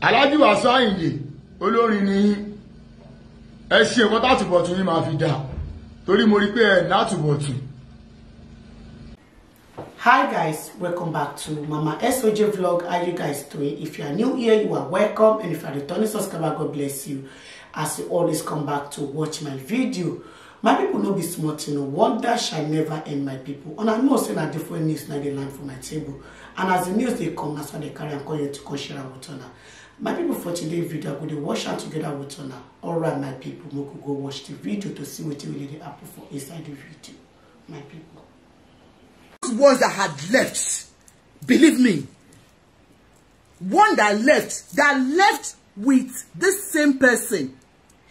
aláàjì Wasiu Ayinde olórin ni ẹ ṣe nǹkan tátùbọ̀tún yín máa fi dà torí mo rí pé ẹ látùbọ̀tún. hi guys welcome back to mama soj vlog how you guys doing if you are new here you are welcome and if you are returning subscriber god bless you as you always come back to watch my video my people know be small tin o wonder shall never end my people. and i know say na different news now they land for my table and as the news they come that's so they carry and call you to come share with una my people for today video go dey wash am together with una alright my people make we go watch the video to see wetin really dey happen for inside the video my people. those ones that had left believe me one that left that left with this same person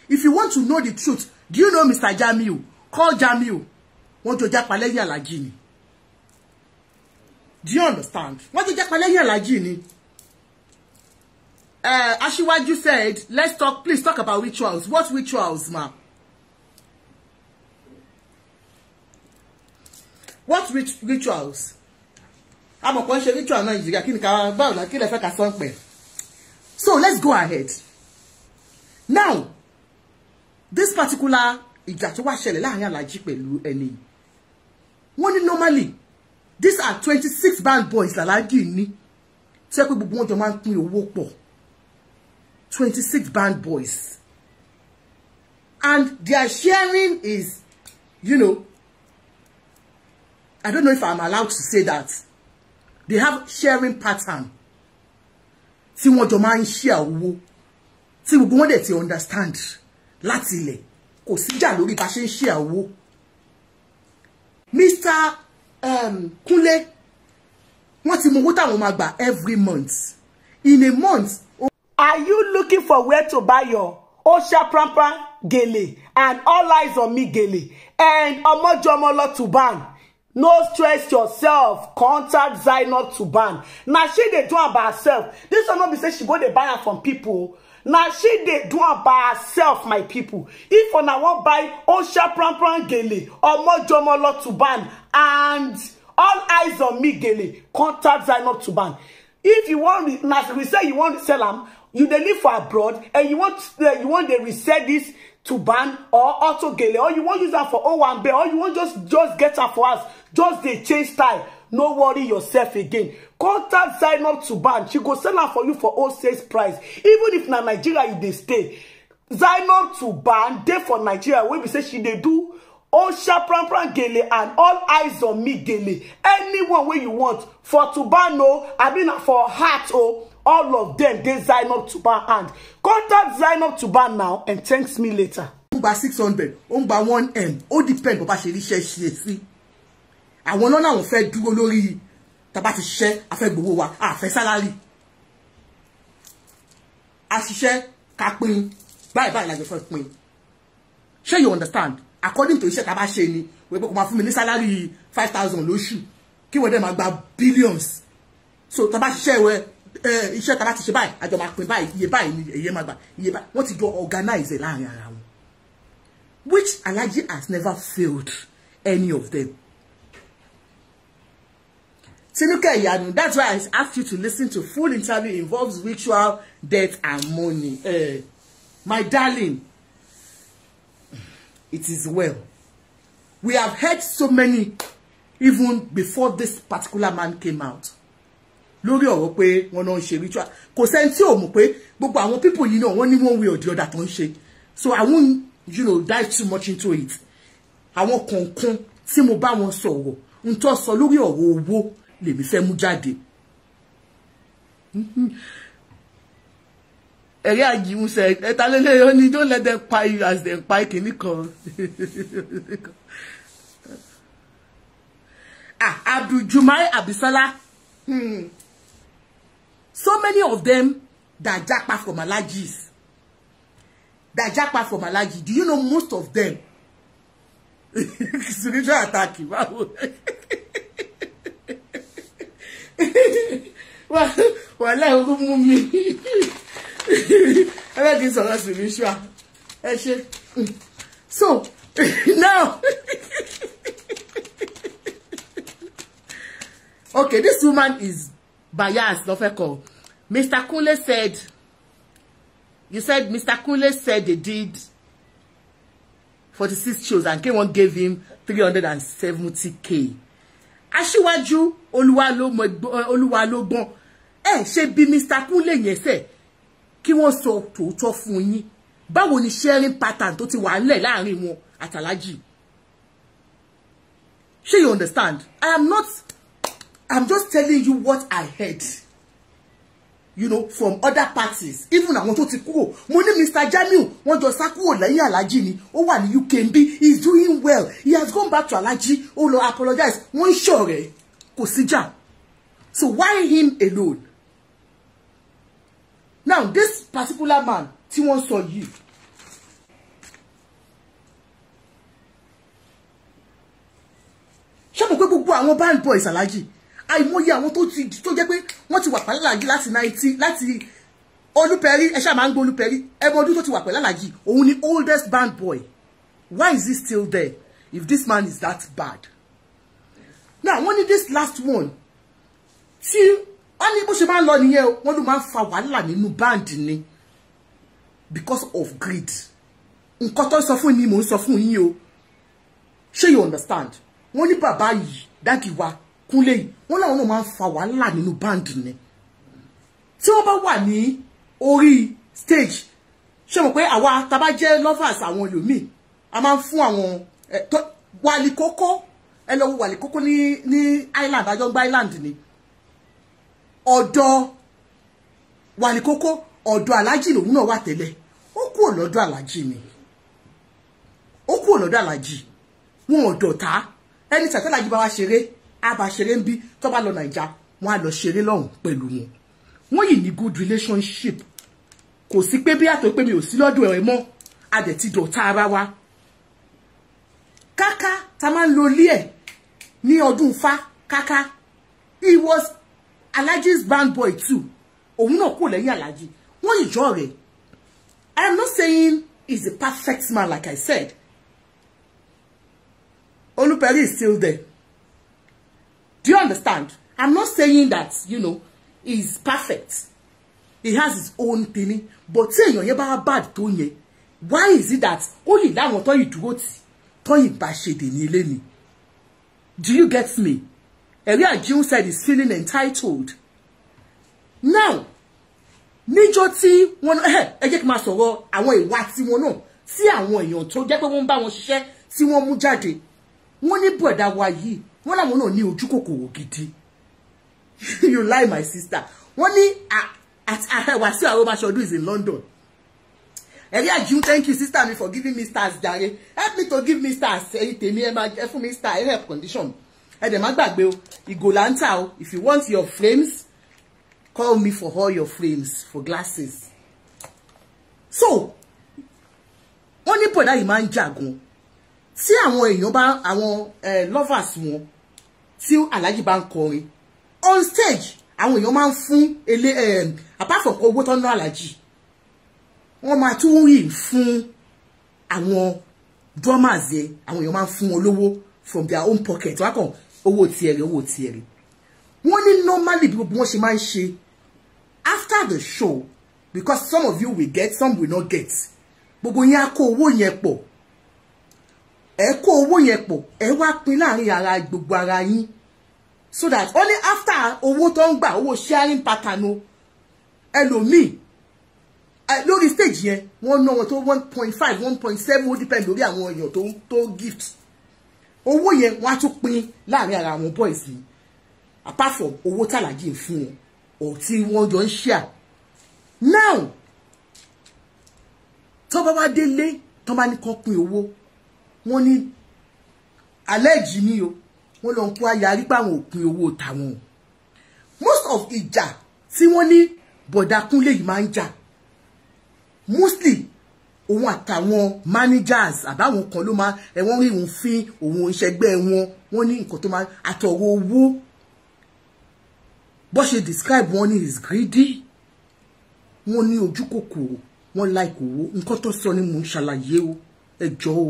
if you want to know the truth do you know Mr. Jamiu call Jamiu wọ́n jọ japa lẹ́yìn alájí ni do you understand wọ́n jọ japa lẹ́yìn alájí ni uh, Ashiwaju said, let's talk, please talk about rituals. What rituals, ma? What rit rituals? Amọ̀pọ̀ ń ṣe ritual náà Nàìjíríà kí ni ká báwo náà kí lè fẹ́ ká sọ pẹ̀. So let's go ahead. Now, this particular ìjà tó wá ṣẹlẹ̀ láàrin Alhaji pẹ̀lú ẹni. Wọ́n ní normally, these are twenty six band boys Alhaji ní. Tí ẹ pé gbogbo wọn jọ máa ń pín owó pọ̀. 26 band boys. And their sharing is, you know, I don't know if I'm allowed to say that. They have sharing pattern. See what your máa ń share See we go on dẹ̀ ti understand láti ilẹ̀. Kò síjà lórí bá ṣe share owó. Mr. Um, Kule, wọ́n ti mọ owó táwọn máa gbà every month. In a month, Are you looking for where to buy your Osha Prampa Gele and all eyes on me Gele and Omojomolo Ban? No stress yourself. Contact Zainab Ban. Now she dey do it by herself. This one not be say she go dey buy am from people. Now she dey do it by herself, my people. If una wan buy Osha Prampa Gele, or Omojomolo Ban and all eyes on me Gele, contact Zainab Ban. If you want, as we say you wan sell them you dey live for abroad and you want eh, you want dey resell this to tuban or auto autogele or you want use that for O one owambe or you want just just get am for us, just dey change style no worry yourself again contact zainab tuban she go sell am for you for wholesale price even if na nigeria you dey stay zainab tuban dey for nigeria Where we say she dey do all sharp osha pranpran gele and all eyes on me gele anyone wey you want for to tuban o i mean for heart Oh all of them they dem dey zainab tuban hand contact to buy now and thanks me later. ó ń gba six hundred ó ń gba one m ó depend bó bá ṣe ríṣẹ́ ṣe sí àwọn náà làwọn fẹ́ dúró lórí tàbá ti ṣiṣẹ́ afẹ́gbowó wa salary. sálárì àṣiṣẹ́ ká pín báyìí báyìí lájọ fẹ́ pín ṣé you understand according to iṣẹ́ tàbá ṣe ni wípé kò máa fún mi ní sálárì five thousand lóṣù kí wọ́n dẹ̀ máa gba billions so tàbá ṣiṣẹ́ wẹ́ẹ́ iṣẹ́ ta láti ṣe báyìí àjọ máa báyìí iye báyìí ni èyí máa gbà iye báyìí wọ́n ti jọ organize láàrin ara wọn which Alhaji has never failed any of them. Tinuke Iyanu, that's why I ask you to listen to full interview involves ritual, death, and money. Uh, my darling, it is well. We have heard so many even before this particular man came out lórí ọ̀rọ̀ pé wọ́n náà ń ṣe ritual kò sẹ́ni tí ò mọ̀ pé gbogbo àwọn people yìí náà wọ́n ní one way or the other tó ń ṣe so I won't you know, dive too much into it àwọn kọ̀ọ̀kan tí mo bá wọn sọ̀rọ̀ n tó sọ lórí ọ̀rọ̀ owó lèmi fẹ́ mú jáde ẹ̀rí àjìmùsẹ̀ ẹ̀talélé ó ní don't let them pay you as them pay kìíní kan ah Abdul Jumai Abisala. Hmm. So many of them that japa from allergies. That japa from allergy. Do you know most of them? Spiritual attack. Wow. Wàhálà ẹ̀rọ mú mi. Ẹ bẹ́ẹ̀ kì í sọ̀rọ̀ spiritual. Ẹ ṣe. So now. okay, this woman is bias lọ́fẹ́ kọ Mr. Kunle said you said Mr. Kunle said they did forty six shows and K1 gave him three hundred and seventy k aṣíwájú eh, olúwalógbọ́n ẹ ṣe bí Mr. Kunle yẹn sẹ kí wọ́n sọ tòótọ́ fún yín báwo ni sharing pattern tó ti wà ńlẹ̀ láàrin wọn àtàlájì ṣé you understand I am not I'm just telling you what I heard you know from other parties even àwọn tó ti kúrò mo ní Mr. Jamiu wọ́n jọ sá kúrò lẹ́yìn Alhaji ni ó wà ní UK ń bí He's doing well he has gone back to Alhaji ó lọ apologize wọ́n ń ṣọ̀rẹ́ kò síjà so why him alone now this particular man tí wọ́n sọ yìí ṣé mo pé gbogbo àwọn band boys Alhaji àìmọye àwọn tó ti tó jẹ́ pé wọ́n ti wà pẹ̀lú àlàjì láti náìtì láti olùpẹ̀rí ẹ ṣáà máa ń gbọ́ olùpẹ̀rí ẹmọ ọdún tó ti wà pẹ̀lú àlàjì òun ni oldest band boy why is he still there if this man is that bad now wọ́n ní this last one tí wọ́n ní bó ṣe máa ń lọ nìyẹn wọ́n ló máa ń fa wàhálà nínú band ni because of greed nǹkan tó ń sọ fún ni mò ń sọ fún yín o ṣé you understand wọ́n ní bàbá yìí dáàdì wa kúnlé yìí wọ́n láwọn náà máa ń fa wàhálà nínú báńdì ni tí wọ́n bá wà ní orí stage ṣé mọ̀ pé àwa tá bá lovers àwọn ẹlòmíì a máa ń fún àwọn wàlì kókó ẹ lọ wo wàlì kókó ní ní island àjọgbá island ni ọ̀dọ̀ wàlì kókó ọ̀dọ̀ alájì lòun náà wà tẹ́lẹ̀ ó kúrò lọ́dọ̀ alájì ni ó kúrò lọ́dọ̀ alájì wọn ọ̀dọ̀ ta ẹni tàtàlájì bá wa ṣeré àbàṣeré ń bí tó bá lọ nàìjà wọn á lọ ṣeré lọ́hùn pẹ̀lú wọn wọ́n yìí ní good relationship kò sí pé bí àtọ́ pé mi ò sí lọ́dọ̀ ẹ̀ mọ́ a dẹ̀ ti dọ̀tá ara wa káká ta máa ń lo ilé ẹ̀ ní ọdún fa káká he was alhaji's band boy too òun náà kò lẹ́yìn alhaji wọ́n ìjọ rẹ̀ I am not saying he's a perfect man like I said Oluperi is still there Do you understand? I'm not saying that, you know, he's perfect. He has his own thing. But say you're yẹn bá bad Tony. Why is it that only that one told you to go tó yìí bá ṣe dè Do you get me? Elia June said he's feeling entitled. Now, níjọ́ tí one eh Ejek kí n máa sọ̀rọ̀ àwọn ìwà tiwọn náà tí àwọn èèyàn to jẹ́ pé wọ́n one bá wọn ṣiṣẹ́ tí one mú jáde. Wọ́n ní bọ̀dá wa wọ́n làwọn náà ní ojú kòkòrò gidi you lie my sister wọ́n ní ah, ah, eh, Wàsíù Arọ́báṣọdún is in London ẹ̀rí àjíhùn thank you sister mi for giving me stars jare help me to give me stars ẹ̀yin tèmi ẹ̀ máa ẹ fún mi star help condition ẹ̀ dẹ̀ má gbàgbé o ìgò là ń o if you want your frames, call me for all your frames for glasses so wọ́n ní bọ̀dá yìí máa ń jagun tí àwọn èèyàn bá àwọn eh, lovers wọn tí aláàjì bá ń kọrin on stage àwọn èèyàn máa ń fún ele eh, apart from owó tó ń ná aláàjì wọ́n máa tún rí fún àwọn drummers yẹn àwọn èèyàn máa ń fún wọn from their own pocket wọ́n á kàn owó tiẹ̀ rẹ̀ owó tiẹ̀ wọ́n ní normally bí gbogbo wọn ṣe máa ń ṣe after the show because some of you will get some will not get gbogbo yẹn á kó owó yẹn pọ̀ ẹ kó owó yẹn pọ̀ ẹ wá pín láàrin ara gbogbo ara yín so that only after owó tó ń gbà owó sharing pattern o ẹlòmíì lórí stage yẹn wọ́n ná wọn tó one point five one point seven ó depend lórí àwọn èèyàn tó tó gift owó yẹn wọ́n á tún pín láàrin ara àwọn boys yìí apart from owó tàlàjì fún wọn or tí wọ́n jọ ń share now tó bá wá délé tó bá ní kán pín owó wọ́n ní àlẹ́jì ni o wọ́n lọ ń kó ayarí páwọn òpin owó tàwọn most of ìjà tí wọ́n ní bọ̀dákúnlé yìí máa ń jà mostly òun àtàwọn managers àbáwọn kan ló máa ẹ̀wọ̀n rí òun fín òun ìṣẹ́gbẹ́ wọn wọ́n ní nǹkan tó máa àtọ̀wọ́ owó bó ṣe describe wọn ní is greedy wọ́n ní ojú kòkòrò wọ́n like owó nǹkan tó sọ ni mò ń ṣàlàyé o ẹjọ́ o.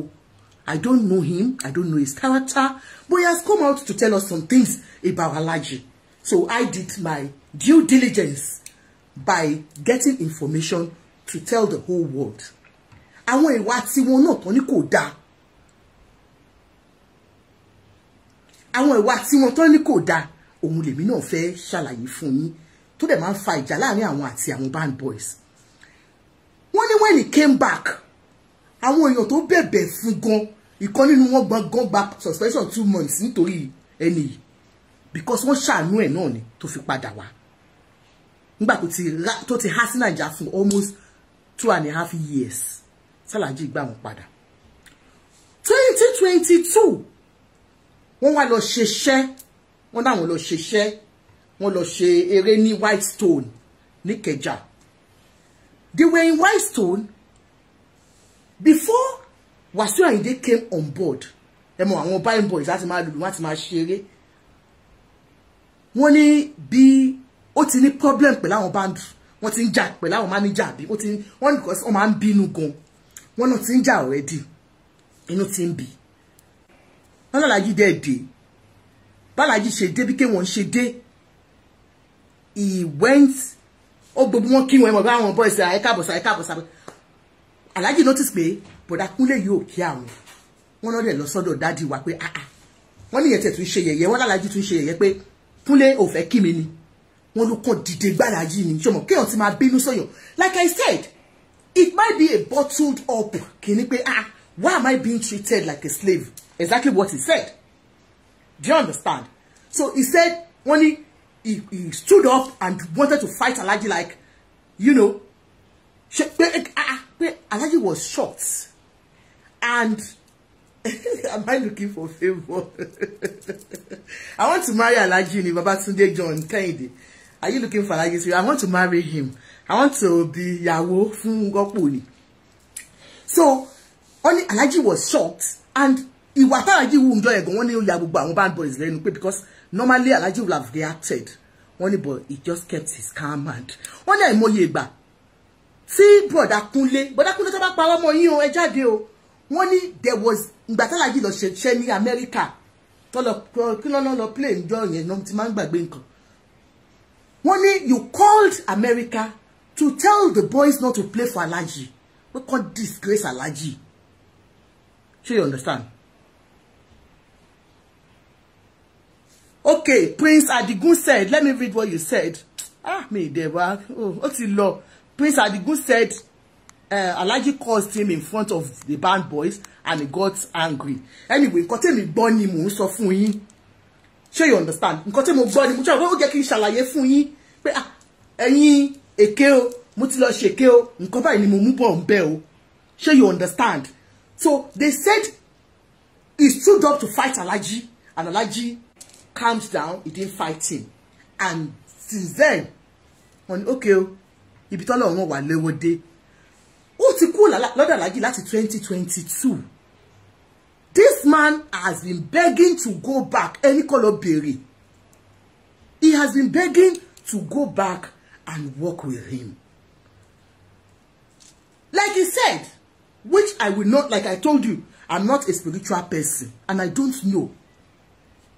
I don't know him. I don't know his character. But he has come out to tell us some things about Alaji. So I did my due diligence by getting information to tell the whole world. Àwọn ìwà tiwọn náà tó ní kò dáa. Àwọn ìwà tiwọn tó ní kò dáa. Òun lèmi náà fẹ́ ṣàlàyé fún yín. Tó dẹ̀ máa ń fa ìjà láàrin àwọn àti àwọn band boys. Wọ́n ní when he came back, àwọn èèyàn tó bẹ̀bẹ̀ fún gan-an ìkan nínú wọn gbọ́ngàn gba suspension two months nítorí ẹni yìí because wọ́n ṣàánú ẹ̀ náà ni tó fi padà wá nígbà tó ti há sí nàìjà fún almost two and a half years sálàjì gbà wọ́n padà twenty twenty two wọ́n wá lọ ṣeṣẹ́ wọ́n náà wọ́n lọ ṣeṣẹ́ wọ́n lọ ṣe eré ní white stone ní Ìkẹjà they were in white stone before Wasiu Ayinde came on board ẹ mọ àwọn buying boys láti máa lùlù láti máa ṣeré wọ́n ní bí ó ti ní problem pẹ̀lú àwọn band wọ́n ti ń jà pẹ̀lú àwọn manager bí wọ́n ti wọ́n nìkan wọ́n máa ń bínú gan wọ́n náà ti ń jà already inú ti ń bì wọ́n lọ́làjì dẹ́ dé bálàjì ṣe dé bí kéwọ́n ṣe dé he went ó gbogbo wọn kí wọn ẹ mọ̀ bí àwọn boys àyíká àbọ̀sà àyíká àbọ̀sà alájì notice pé bọ̀dá kúnlẹ̀ yóò kí àwọn wọn lọ́dẹ̀ lọ sọ́dọ̀ dádì wa pé ah ah wọ́n níyẹn tẹ̀ tún ṣe yẹ̀yẹ́ wọ́n lálàájú tún ṣe yẹ̀yẹ́ pé kúnlẹ̀ ò fẹ́ kí mi ni wọ́n ló kàn dìde gbára yìí ni ṣọmọ kéèyàn ti máa bínú sọyàn like I said it might be a bottled up kìíní pé ah why am I being treated like a slave exactly what he said do you understand so he said wọ́n ní he, he stood up and wanted to fight Alhaji like you know ṣe pé ah, ah pé Alhaji was shot and am I looking for favor? I want to marry Alhaji ni Babatunde John Kehinde. Are you looking for Alhaji? I want to marry him. I want to be Yawo fun Gopo So, only Alhaji was shocked and he táwọn yìí wù ń going ẹ̀gàn wọ́n ní ó ya bad boys lẹ́nu pé because normally Alhaji would have reacted Only boy, he just kept his calm and only ní àìmọye ìgbà tí brother, kúnlé bọ̀dà kúnlé tó bá pa ọmọ yín o o wọ́n ní there was ìgbà tí aláàjì lọ ṣẹṣẹ ní amẹ́ríkà tọ́lọ kí lọ́nà lọ play ń jọ yẹn náà ti máa ń gbàgbé nǹkan wọ́n ní you called America to tell the boys not to play for aláàjì we call disgrace aláàjì ṣé you understand. okay Prince Adigun said let me read what you said ah me mi ìdẹ̀wá oh, ó ti lọ Prince Adigun said uh, Alhaji cursed him in front of the band boys and he got angry anyway nǹkan tèmi gbọ́ ni mò ń sọ fún yín ṣé you understand nǹkan tèmi gbọ́ ni mo ṣe àwọn ó jẹ́ kí n ṣàlàyé fún yín pé ah, ẹ̀yin èké o mo ti lọ ṣèké o nǹkan báyìí ni mo mú bọ̀ ń bẹ́ o ṣé you understand so they said he stood up to fight Alaji, and Alaji calmed down he didn't fight him and since then on ní okay o ibi tọ́lọ̀ wọn wà léwọ́ dé ti kú lọ́dọ̀ alájí láti twenty twenty two this man has been begging to go back ẹni kọ́ lọ bèrè he has been begging to go back and work with him like he said which I will not like I told you I'm not a spiritual person and I don't know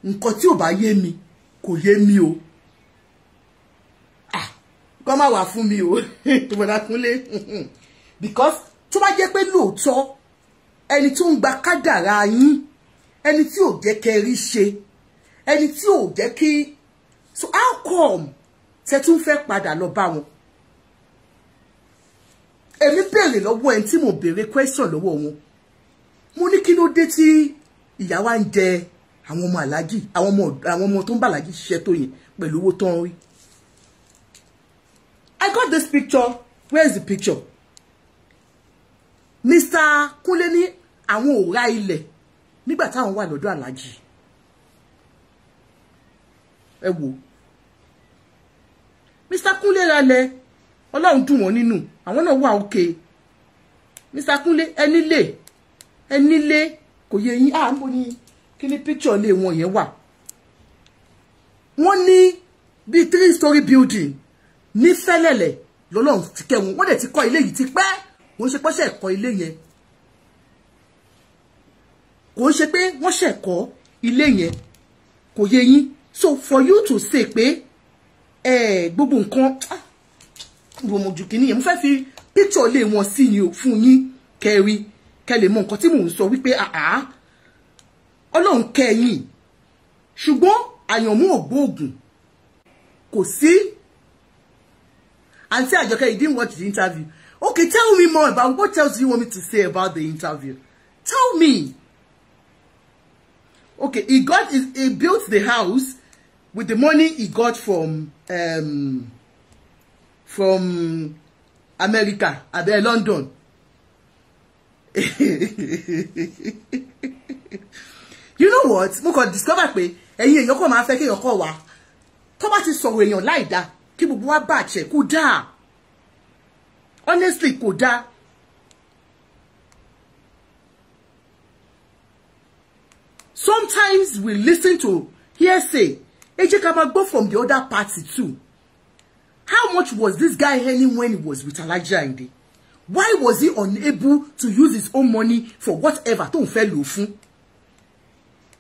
nǹkan tí ò bá yé mi kò yé mi o ah kọ́ má wà fún mi o ìbọ̀dà kúnlé because tó bá jẹ́ pé lóòótọ́ ẹni tó ń gba kádàrá yín ẹni tí ò jẹ́ kẹrí ṣe ẹni tí ò jẹ́ kí so how come tẹ tún fẹ́ padà lọ bá wọn èmi béèrè lọ́wọ́ ẹni tí mo béèrè question lọ́wọ́ wọn mo ní kí ló dé tí ìyá wa ń jẹ àwọn ọmọ aláàjì àwọn ọmọ àwọn ọmọ tó ń bàlájì ṣiṣẹ́ tó yẹn pẹ̀lú owó tó rí I got this picture where is the picture Mr. Kúnlé ní àwọn ò ra ilẹ̀ nígbà táwọn wà lọ́dọ̀ aláàjì ẹ wò Mr. Kúnlé ralẹ̀ ọlọ́run dùn wọ́n nínú àwọn náà wà òkè Mr. Kúnlé ẹnílé ẹnílé kò yẹ yín à ń bọ̀ ní kí picture lé wọn yẹn wà wọ́n ní bíi three story building ní fẹ́lẹ́lẹ̀ lọ́lọ́run ti kẹ́ wọn wọ́n dẹ̀ ti kọ́ ilé yìí ti pẹ́ kò ń ṣe pọ́ṣẹ̀ ẹ̀kọ́ ilé yẹn kò ń ṣe pé wọ́n ṣẹ̀kọ́ ilé yẹn kò yé yín so for you to say pé gbogbo nǹkan wo ah, mo jù kínní yẹn mo fẹ́ fi picture lé wọn sí ni o fún yín kẹrí kẹ lè mọ nǹkan tí mò ń sọ wípé àá ah, ah, ọlọ́run kẹyìn ṣùgbọ́n àyànmú ògbóògùn kò sí àǹtí àjọkẹ́ you didn't watch the interview Okay, tell me more about what else do you want me to say about the interview? Tell me. Okay, he got his, he built the house with the money he got from um from America, abẹ London. you know what? Mo kàn discover pé ẹ̀yin èèyàn kò máa fẹ́ kéèyàn kọ̀ wá. Tó bá ti sọ̀rọ̀ èèyàn láì dáa kí gbogbo wa bàjẹ́ kó dáa honestly kò dáa. sometimes we listen to hearsay ẹ jẹ́ ká from the other party too how much was this guy earning when he was with Alhaji Ayinde why was he unable to use his own money for whatever tó ń fẹ́ lò fún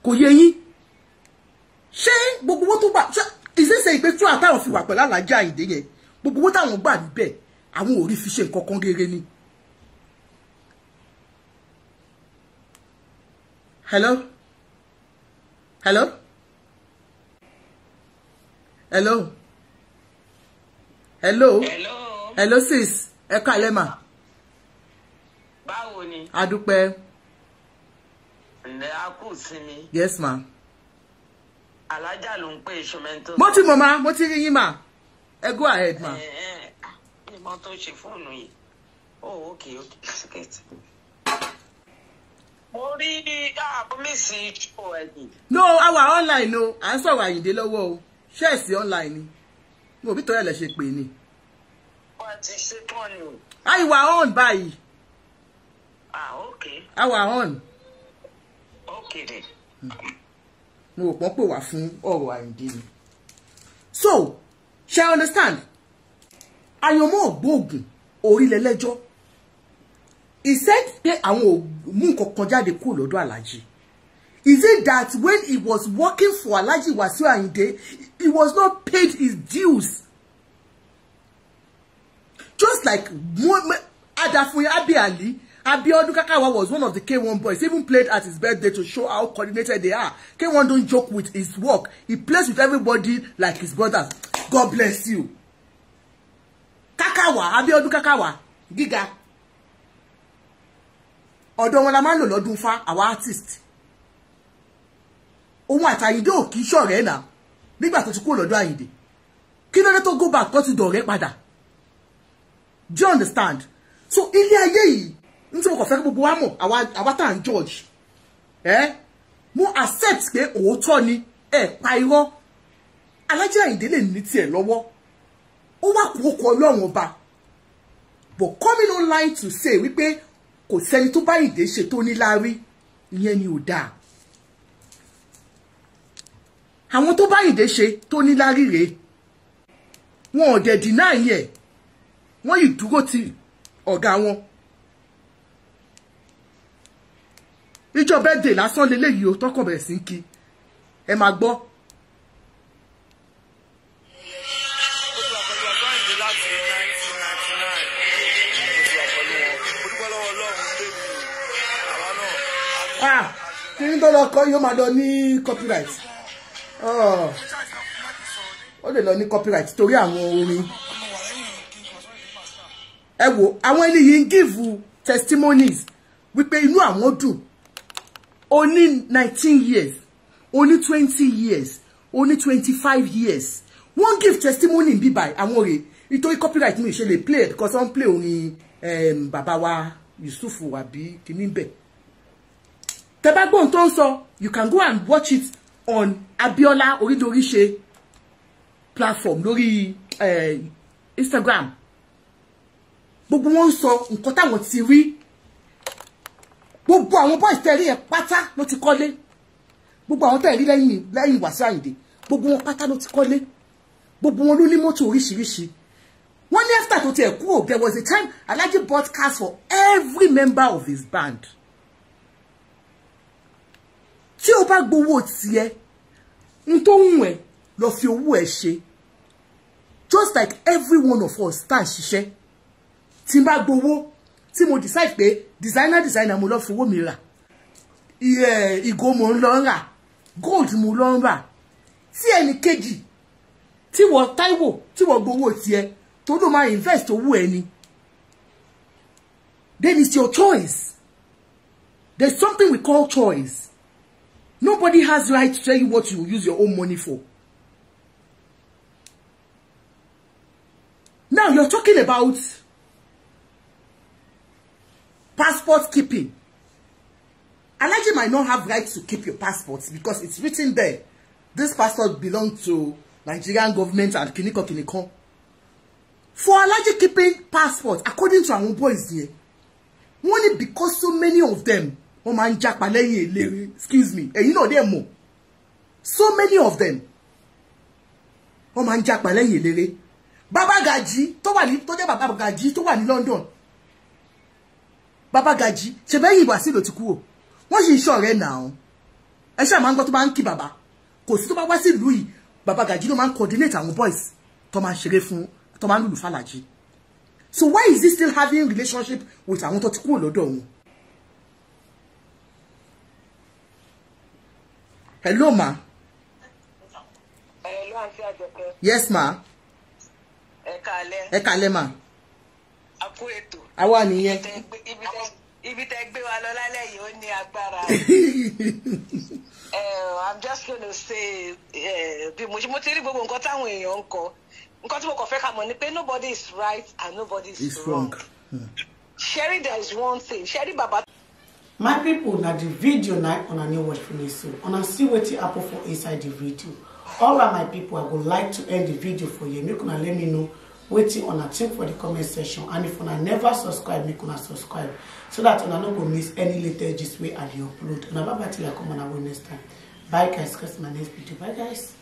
kò yé yín ṣé gbogbo owó tó gbà ṣé ìṣẹ́ṣe ìpẹ́tù àtàwọn fi wà pẹ̀lú Alhaji Ayinde yẹn gbogbo owó táwọn gbà níbẹ̀ àwọn ò rí fi ṣe nǹkan kan rere ni. hello hello hello hello hello sis ẹ kálẹ́ mà. báwo ni. adúpẹ́. ǹjẹ́ a kù sí mi. yes ma. alájà ló ń pè instrumental. mo ti mọ̀ ma mo ti rí yín ma ẹ go ahead ma. Eh, eh ìbọn tó ṣe fóònù yìí oh ok ok basket. mo rí ààbò mi sí ẹ̀dùn. no àwa online o à ń sọ̀rọ̀ àyìndé lọ́wọ́ o ṣẹ́ẹ̀sì online ni mo bí tọ́yẹ̀ lẹ ṣe pè ní. wọ́n ti ṣe tán ni o. àìwà on báyìí. ah ok. àwa on. ok then. Hmm. mo rò pọ́n pè wá fún ọ̀rọ̀ àyìndé ni. so shall I understand àyànmọ́ ògbóògùn orílẹ̀ lẹ́jọ́ he said pé àwọn ò mú nǹkan kan jáde kúrò lọ́dọ̀ is it that when he was working for alájí wàsíù àyìndé he was not paid his dues just like adafunye abiali abiodun kakawa was one of the k1 boys he even played at his birthday to show how coordinated they are k1 don joke with his work he plays with everybody like his brothers god bless you. Kakawa Abíọ́dún Kakawa giga ọ̀dọ̀ wọn la máa ń lò lọ́dún fa awa artist òun atayide ò kì í ṣọ̀rẹ́ náà nígbà tó ti kúrò lọ́dọ̀ àyídé go back tó ti dọ̀rẹ́ padà do you understand so ile ayé yi n tí mo kàn fẹ́ George ẹ mo accept pe òótọ́ ni ẹ pa irọ́ alájà àyídé le ní tiẹ̀ ó wà kú ọkọ̀ ọlọ́run ọba but coming online to say wípé kò sẹ́ni tó bá ìdè ṣe tó níláárí ìyẹn ni ò dáa àwọn tó bá ìdè ṣe tó níláárí rèé wọn ò dẹ̀ dínà yẹn wọ́n yìí dúró ti ọ̀gá wọn. ìjọba ẹ̀dẹ̀ lásán leléyìí ó tọkọ̀ bẹ̀rẹ̀ sí ń kí ẹ máa gbọ́ láti ah, nineteen ninety nine mo ti wà pẹ̀lú wọn mo dúpẹ́ lọ́wọ́ ọlọ́run débi àwa náà. kíni tó lọ kọ yóò máa lọ ní copyright oh, ó lè lọ ní copyright torí àwọn orin ẹ wo àwọn eléyìí ń gíìfù testimonies wípé inú àwọn dùn ó nineteen years ó twenty years ó twenty five years wọ́n give testimony bíbáyìí àwọn rèé nítorí copyright mi ṣe lè play because wọ́n play orin bàbá wa Yusuf àbí kìíní bẹ̀ tẹ́ bá gbóhùn tó ń sọ you can go and watch it on Abiola orídoríṣe platform lórí Instagram gbogbo wọn ń sọ nǹkan táwọn ti rí gbogbo àwọn boys tẹ̀rí ẹ̀ pátá ló ti kọ́lé gbogbo àwọn tẹ̀rí lẹ́yìn lẹ́yìn Wasiu Ayinde gbogbo wọn pátá ló ti kọ́lé gbogbo wọn ló ní mọ́tò oríṣiríṣi wọ́n ní after tó tiẹ̀ kú o there was a time Alhaji bought cars for every member of his band tí o bá gbowó tiẹ̀ n tó ń wẹ̀ lọ fi owó ẹ̀ ṣe just like every one of us tá à ń ṣiṣẹ́ tí n bá gbowó tí mo decide pé designer designer mo lọ fi owó mi rà ìgò mo ń lọ rà gold mo lọ rà tí ẹnì kejì tí wọ́n Táíwò tí wọ́n gbowó tiẹ̀ tó ló máa invest who any? then it's your choice there's something we call choice nobody has right to tell you what you use your own money for now you're talking about passport keeping Allegedly, might not have right to keep your passports because it's written there this passport belongs to Nigerian government and kiniko kiniko for Alhaji keeping passport according to àwọn boys yẹn wọ́n ní because so many of them wọ́n máa ń japa lẹ́yìn eléré excuse me ẹ̀yin náà dẹ̀ mọ̀ so many of them wọ́n máa ń japa lẹ́yìn eléré Baba Gaji tó wà ní tó jẹ́ Baba Gaji tó wà ní London Baba Gaji ṣe bẹ́yìn ìwà sí ló ti kú o wọ́n sì ń ṣọ̀rẹ́ náà ẹ ṣáà máa ń gbọ́ tó bá ń kí bàbá kò sí tó bá wá sí ìlú yìí Baba Gaji ló máa ń coordinate àwọn boys tó máa ṣeré fún Tomando máa ń so why is he still having relationship with àwọn tó ti kúrò lọ́dọ̀ wọn. hello ma. hello àǹtí àjọkẹ́. yes ma. ẹ kàálẹ́. ẹ kàálẹ́ ma. a kú ètò. àwa nìyẹn. ibi tẹ́ ibi tẹ́ gbé wa lọ lálẹ́ yìí ó ní eh, I'm just gonna say eh, bí mo ṣe mo ti rí gbogbo nǹkan táwọn èèyàn ń nǹkan tí mo kàn fẹ́ ká mọ̀ ni pé nobody is right and nobody is wrong. wrong. Hmm. Sherry, there is one thing. Sherry Baba. My people, na the video na una new watch finish so una see wetin happen for inside the video. All of my people, I would like to end the video for you. Make una let me know wetin una think for the comment section and if una never subscribe make una subscribe so that una no go miss any latest gist wey i dey upload una bye bye till i come una wey next time bye guys catch my next video bye guys.